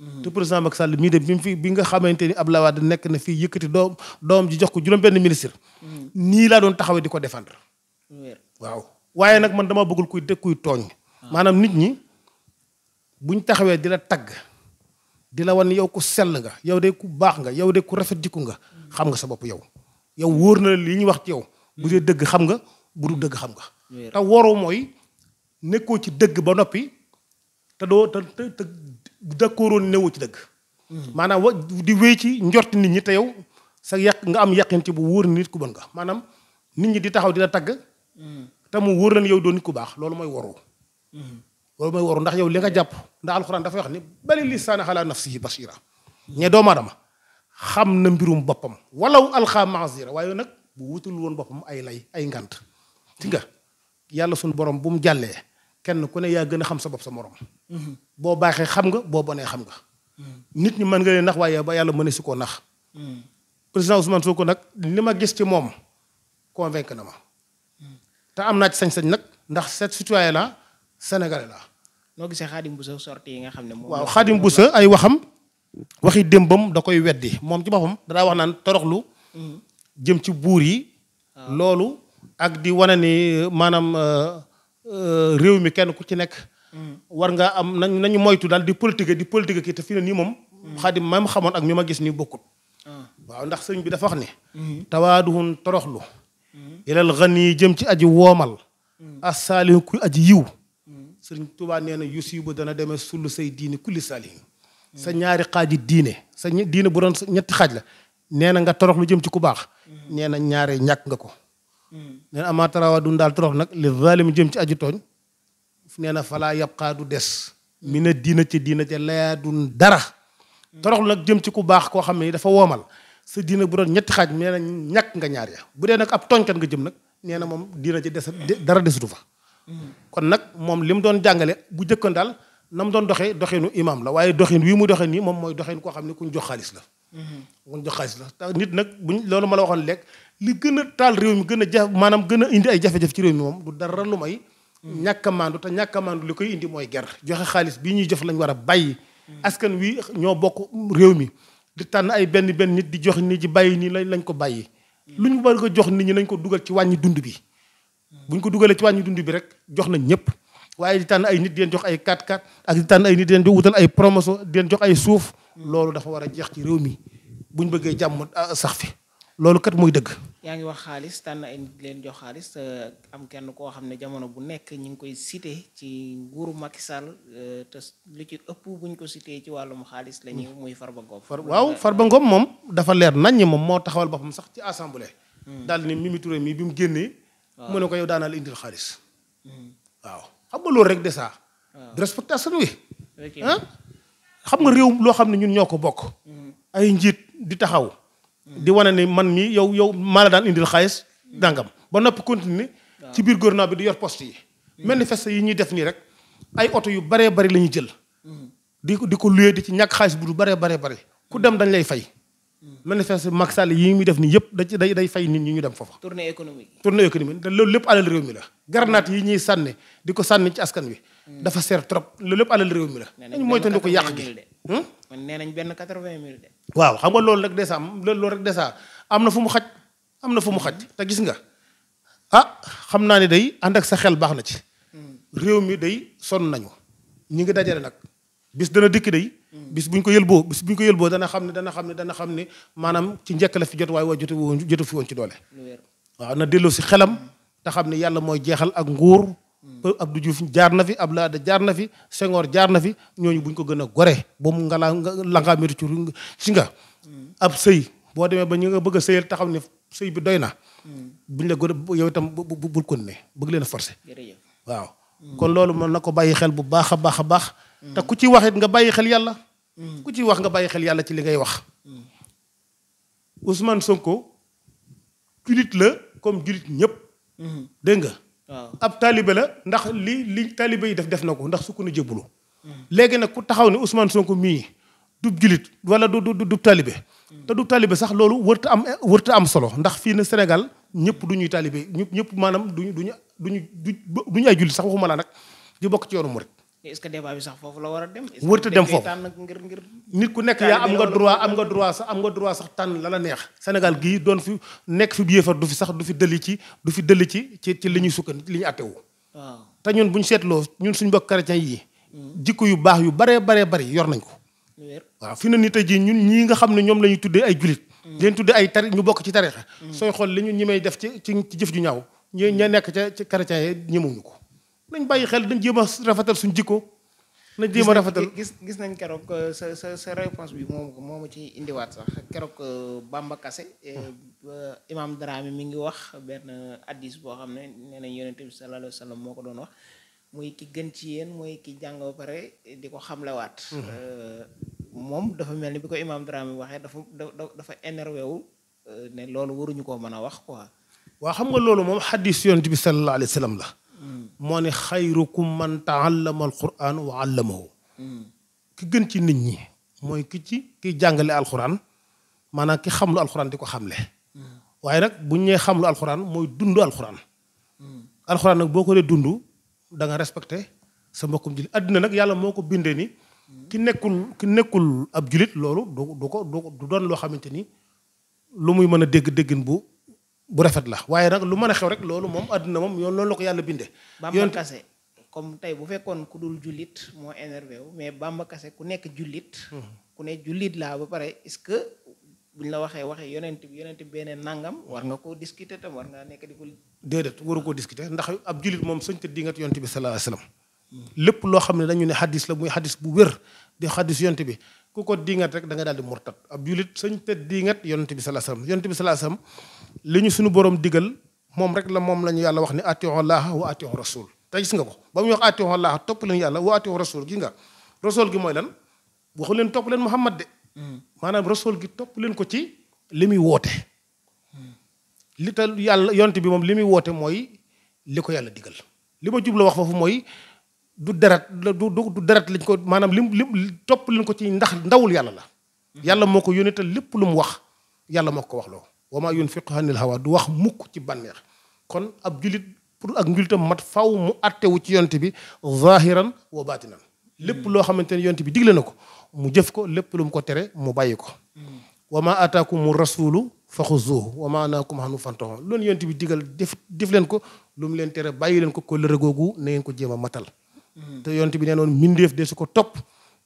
Mm-hmm. te président Macky Sall mii de bi mu fi bi nga xamante ni Abdoulaye Wade nekk na fii yëkkati doom doom ji jox ko juróom-benn ministre. Mm-hmm. nii laa doon taxawee di ko défendre. waaw waaye nag man dama bëggul kuy dëkk kuy tooñ. Ah. maanaam nit ñi buñ taxawee di la tagg. di la wan yow ku sell nga yow de ku baax nga yow de ku rafet jikku nga mm-hmm. xam nga sa bopp yow. yow wóor na la li ñuy wax ci yow. bu dee dëgg xam nga bu dul dëgg xam nga. te waroo mooy nekkoo ci dëgg ba noppi te doo dëkkooroon newu ci dëgg hmm. maanaam wa di wéy ci njort nit ñi te yow sa yàq nga am yàqin ci bu wóor nit ku bon nga maanaam nit ñi di taxaw di la tagg hmm. te mu wóor leen yow doo nit ku baax loolu mooy waru hmm. loolu mooy waru ndax yow li nga jàpp ndax alxuraan dafay wax ni bali lisaana xalaa nafsihi basira ñe doomu aadama xam na mbirum boppam walaw alxaa maasira waaye nag bu wutul woon boppam ay lay ay ngant. di nga yàlla suñu borom bu mu jàllee kenn ku ne yaa gën a xam sa bopp sa morom. Mhm. boo baaxee xam nga boo bonee xam nga. Mhm. nit ñi mën nga leen nax waaye ba yàlla mën si koo nax. Mhm. président Ousmane ko nag li ma gis ci moom convaincre na ma. te am naa sañ-sañ nag ndax cette citoyen la sénégalais la. noo gisee Khadim Boussa sortie yi nga xam ne moom waaw bu sa ay waxam. waxi démbam da koy weddi moom ci boppam danaa wax naan toroxlu. jëm ci buur yi. Ah. loolu ak di wane ni maanaam. Euh, Euh, réew mi kenn ku ci nekk. war nga am nañu nañu moytu daal di politique di politique ki te fi ne nii moom. xaadim ma xamoon ak mi ma gis nii bokkut. Ah. waaw ndax sëñ bi dafa wax ne. Mm-hmm. tawaaduhun toroxlu. Mm-hmm. ilal xani jëm ci aji woomal. Mm-hmm. asaalih ku aji yiw. sëriñ Tuubaa nee na yusiibu dana demee sullu say diini kulli saalihin sa ñaari xaaji diine sa diine bu doon ñetti xaaj la nee na nga toroxlu jëm ci ku baax. nee na ñaare ñàkk nga ko. nee na amaa tarawa dun daal torox nag li zalim jëm ci aju tooñ nee na falaa yabqaa du des mi na diina ci diina ca layaa dun dara torox nag jëm ci ku baax koo xam ne dafa woomal sa diina bu doon ñetti xaaj nee na ñàkk nga ñaar ya bu dee nag ab tooñkat nga jëm nag nee na moom diina ci des dara desutu fa kon nag moom li mu doon jàngale bu jëkkoon daal na mu doon doxee doxeenu imaam la waaye doxin wii mu doxee nii moom mooy doxin koo xam ne kuñ jox xaalis la mm-hmm. kuñ jox xaalis la nit nag ma la lekk li gën a taal réew mi gën a ja maanaam gën a indi ay jafe-jafe ci réew mi moom du dara lu may ñàkk a maandu te ñàkk a li koy indi mooy ger joxe xaalis bii ñuy jox lañ war a bàyyi askan wi ñoo bokk réew mi di tànn ay benn benn nit di jox nit ji bàyyi nii lañ ko bàyyi lu ñu war ko jox nit ñu nañ ko dugal ci wàññi dund bi buñ ko dugalee ci wàññi dund bi rek jox nañ ñëpp waaye di tànn ay nit di leen jox ay 4-4 ak di tànn ay nit di leen jox wutal ay promotion di leen jox ay suuf loolu dafa war a jeex ci réew mi bu ñu bëggee jàmm ah, sax fi loolu kat mooy dëgg. yaa ngi wax xaalis tànn ay nit leen jox xaalis eh, am kenn koo xam ne jamono bu nekk ñu ngi koy cité ci nguuru Macky Sall eh, te lu ci ëpp buñ ko cité ci wàllum xaalis la ñuy muy Farba Ngom. waaw Farba ngoom moom dafa leer nañ ñi moom moo taxawal boppam sax ci assemblée. Hmm. daal ni Mimi Touré mii bi mu génnee. waaw mu ne ko yow daanaa indil xaalis. Hmm. waaw xam nga loolu rek de ça. de respecté wi. xam nga réew loo xam ne ñun ñoo ko bokk. Hmm. ay njiit di taxaw. di wane ni man mii yow yow maa la daan indil xaalis dangam ba noppi continuer ci biir gouvernement bi di yor poste yi hmm. manifeste yi ñuy def nii rek ay oto yu baree bari la ñuy jël hmm. di ko ko luye di ci ñàkk xaalis bu du bare bare bari ku dem dañ lay fay hmm. manifeste Macky yi muy def nii yëpp da ci day fay nit ñi ñu dem foofa tournée économique tournée économique loolu lépp alal réew mi la garnaat yi ñuy sànni di ko sànni ci askan wi dafa seer trop loolu lépp alal réew mi la dañ mooy tandi ko yàq gi nañ benn quatre-vingt mille waaw xam nga loolu rek dèjà loolu rek dèjà am na fu mu xaj am na fu mu xaj te gis nga ah xam naa ni day ànd ak sa xel baax na ci. réew mi day sonn nañu ñi ngi dajale nag bis dana dikk day. bis bu buñ ko yëlboo bis buñ ko yëlboo dana xam ne dana xam ne dana xam ne maanaam ci njëkk fi jot waaye waa jotu jotu fi woon ci doole. waaw na delloo si xelam te xam ne yàlla mooy jeexal ak nguur. Abdou Diouf jaar na fi Abdoulaye Wade jaar na fi Senghor jaar na fi ñooñu bu buñ ko gën a gore ba mu nga laa langaa métu ci si nga ab sëy boo demee ba ñu nga bëgg a sëyal taxaw ne sëy bi doy na buñ la gën a yow bu bul kon ne bëgg leen a forcé waaw kon loolu mën na ko bàyyi xel bu baax a baax a baax te ku ci waxit nga bàyyi xel yàlla ku ci wax nga bàyyi xel yàlla ci li ngay wax Ousmane Sonko julit la comme julit ñëpp mm-hmm. dégg ab taalibe la ndax li li taalibe yi def def na ko ndax su ko nu léegi nag ku taxaw ne Ousmane Sonko mii du julit wala du du du taalibe te du taalibe sax loolu wërta am wërta am solo ndax fii na Sénégal ñëpp du ñuy taalibe ñëpp ñëpp maanaam duñu du duñu du ñu du duñu ay julit sax waxuma laa nag di bokk ci yoonu murit est-ce que sax foofu la war a dem. wërta dem foofu ngir ngir. nit ku nekk yaa am nga droit am nga droit sax am nga droit sax tànn la la neex. Sénégal gii doon fi nekk fi yéefar du fi sax du fi dëli ci du fi dëli ci ci ci li ñuy sukkan li ñu àttewu. waaw te ñun bu ñu seetloo ñun suñu mbokk chrétien yi. jikko yu baax yu baree baree bari yor nañ ko. waa fi na nit a ji ñun ñii nga xam ne ñoom la ñu tuddee ay julit leen tuddee ay tari ñu bokk ci tarixa mm. sooy xool li ñu ñi may def ci ci jëf ju ñaaw ñu ña nekk ca ci chrétien yi ko nañ bàyyi xel dañ jéem a suñ jikko nañ jéem a gis gis nañ keroog euh, sa sa sa bi moom moo ma ci indiwaat sax keroog euh, Bamba Kassé euh, imam Dramé mi ngi wax benn hadis boo xam ne nee nañ yonente bi sallallahu alayhi moo ko doon wax muy ki gën ci yéen mooy ki jàng ba di ko xamlewaat moom dafa mel ni bi ko imam Dramé waxee dafa dafa énervé wu ne loolu waruñu koo mën a wax quoi waa xam nga loolu moom hadis yonente bi sallallahu alayhi wa sallam la moo ne xayrukum man taallama alquran wa allamahu ki gën ci nit ñi mooy ki ci kiy jàngale alquran maanaam ki xam lu alquran di ko xamle waaye nag bu ñee xam lu alquran mooy dund alquran alxuraan nag boo ko dee dund da nga respecté sa mbokkum jullit àddina nag yàlla moo ko bindee ni ki nekkul ki nekkul ab jullit loolu du doon loo xamante ni lu muy mën a dégg déggin bu bu rafet la waaye nag lu mën a xew rek loolu moom àddina moom yoon loolu la ko yàlla bindee. yoon kase comme tey bu fekkoon ku dul jullit moo énervé wu mais bamba kase ku nekk jullit. Hmm. ku ne jullit laa ba pare est-ce que buñ la waxee waxee yonent bi yonent bi beneen nangam war nga koo discuter war ngaa nekk di ko. déedéet waru koo discuter ndax ab jullit moom soññ dingat yonent bi sallallahu alayhi wasallam lépp loo xam ne dañu ne xadis la muy xadis bu wër di xadis yonent bi ku ko dingat rek da nga daal di murtat ab jullit soññ te dingat yonent bi sallallahu alayhi wasallam yonent bi sallallahu li ñu suñu borom digal moom rek la moom la ñu yàlla wax ni atiiwu laaha wa atiiwu rasul te nga ko ba muy wax atiiwu laaha topp leen yàlla wa atiiwu rasul gis nga rasul gi mooy lan waxu leen topp leen Muhammad de hmm. maanaam rasul gi topp leen ko ci li muy woote hmm. li te yàlla yonte bi moom li muy woote mooy li ko yàlla digal li ma jubla wax foofu mooy du deret du du deret lañ ko maanaam lim lim topp leen ko ci ndax ndawul yàlla la hmm. yàlla moo ko yónnee lépp lu mu wax yàlla moo ko wax loo wa maa yunfiqu anil hawa du wax mukk ci bànneex kon ab julit pour ak njultam mat faw mu attewu ci yonte bi zahiran wa batinan lépp loo xamante ne yonte bi digle na ko mu jëf ko lépp lu ko tere mu bàyyi ko wa maa ataakumu rasulu fa xuzuhu wa maa naakum xanu fantoxo loolu yonte bi digal def def leen ko lu mu leen tere bàyyi leen ko ko lëre googu na ngeen ko jéem a matal hmm. te yonte bi nee noon mbindeef de su ko topp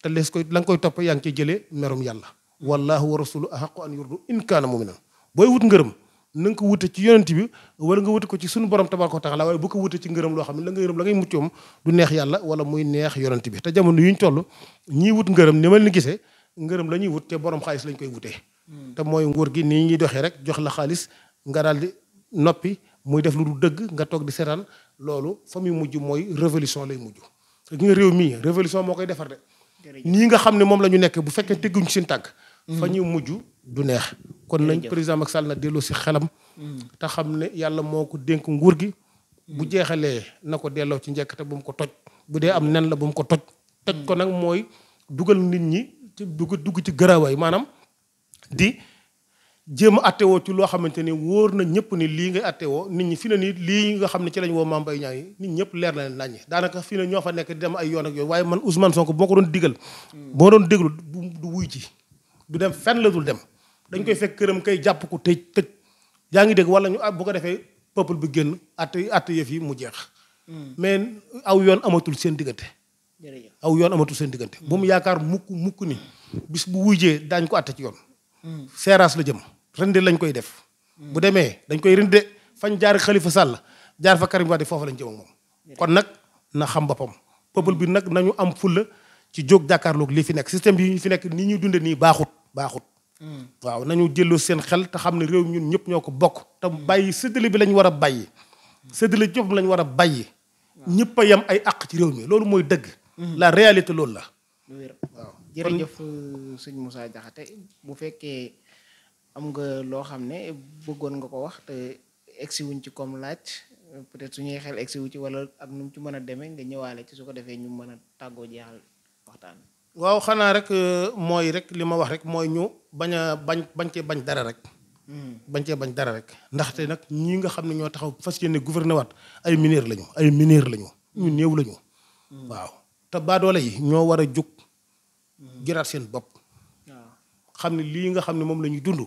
te lees koy la nga koy topp yaa ngi ciy jëlee merum yàlla hmm. wallahu wa a ahaqu an yurdu in kaana muminan booy wut ngërëm na ko wute ci yonent bi wala nga wute ko ci sunu borom tabaraka tax la waaye bu ko wute ci ngërëm loo xam ne la nga ngërëm la ngay muccoom du neex yàlla wala muy neex yonent bi te jamono yu ñu toll ñii wut ngërëm ni ma leen gisee ngërëm la wut te borom xaalis lañ koy wutee hmm. te mooy nguur gi nii ñuy doxee rek jox la xaalis nga daal noppi muy def lu du dëgg nga toog di seetaan loolu fa muy mujj mooy révolution lay mujj gi réew mii révolution moo koy defar de nii nga xam ne la ñu nekk bu fekkee tegguñu seen tàgg fa ñu mujj du neex kon nañ président Macky Sall na dellu si xelam te xam ne yàlla moo ko dénk nguur gi bu jeexalee na ko delloo ci njëkk bu mu ko toj bu dee am nen la bu mu ko toj toj ko nag mooy dugal nit ñi ci dugg dugg ci garawaay maanaam di jéem a attewoo ci loo xamante ni wóor na ñëpp ni lii ngay attewoo nit ñi fi na ni lii nga xam ne ci lañ woo Mame Mbaye Niang yi nit ñëpp leer na leen naññi daanaka fi na ñoo fa nekk di dem ay yoon ak yooyu waaye man Ousmane Sonko boo ko doon digal boo doon déglu du wuy ji du dem fenn la dem dañ koy fekk këram kay jàpp ko tëj tëj yaa ngi dégg wala ñu ah, bu ko defee peuple bi génn at at yëf yi mu jeex. Hmm. mais aw yoon amatul seen diggante. aw yoon amatul seen diggante. Hmm. bu mu yaakaar mukk mukk ni bis bu wujjee daañ ko atte ci yoon. Hmm. seeraas la jëm rende lañ koy def. bu demee dañ koy rende fañ jaar xalifa sàll jaar fa Karim Wade foofu lañ jëm ak moom. kon nag na xam boppam. peuple bi nag nañu am fulla ci jóg jàkkaarloog li fi nekk système bi ñu fi nekk ni ñuy dunde nii baaxut baaxut. waaw nañu jëloo seen xel te xam ne réew ñun ñëpp ñoo ko bokk te bàyyi séddale bi lañ war a bàyyi séddale jëpp lañ war a bàyyi ñëpp a yem ay àq ci réew mi loolu mooy dëgg mm-hmm. laa réalité loolu la waaw jërëjëf sëñ Moussa Diakhaté bu fekkee am nga loo xam ne bëggoon nga ko wax te egsi wuñ ci comme laaj peut-être suñuy xel egsi wu ci wala ak nu mu ci mën a demee nga ñëwaale ci su ko defee ñu mën a tàggoo jeexal waxtaan waaw xanaa rek euh, mooy rek li ma wax rek mooy ñu bañ a bañ bañ cee bañ dara rek. Hmm. bañ cee bañ dara rek. ndaxte nag ñi nga xam ne ñoo taxaw fas ne gouverner waat ay mineurs lañu ay mineurs lañu ñu hmm. néew lañu. Hmm. waaw te baadoole yi ñoo war a jóg jëraat seen bopp. xam ne lii nga xam ne moom la ñuy dund.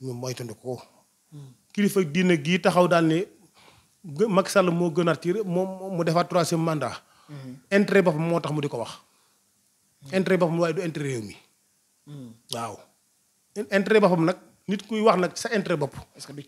ñu moytandi ko. kilifa diine gii taxaw daal ne Macky Sall moo gën a tiré moom mu defaat troisième mandat. intérêt boppam moo tax mu di ko wax. intérêt boppam waaye du intérêt réew mi. Hmm. waaw intérêt boppam nag nit kuy wax nag sa intérêt bopp. est-ce que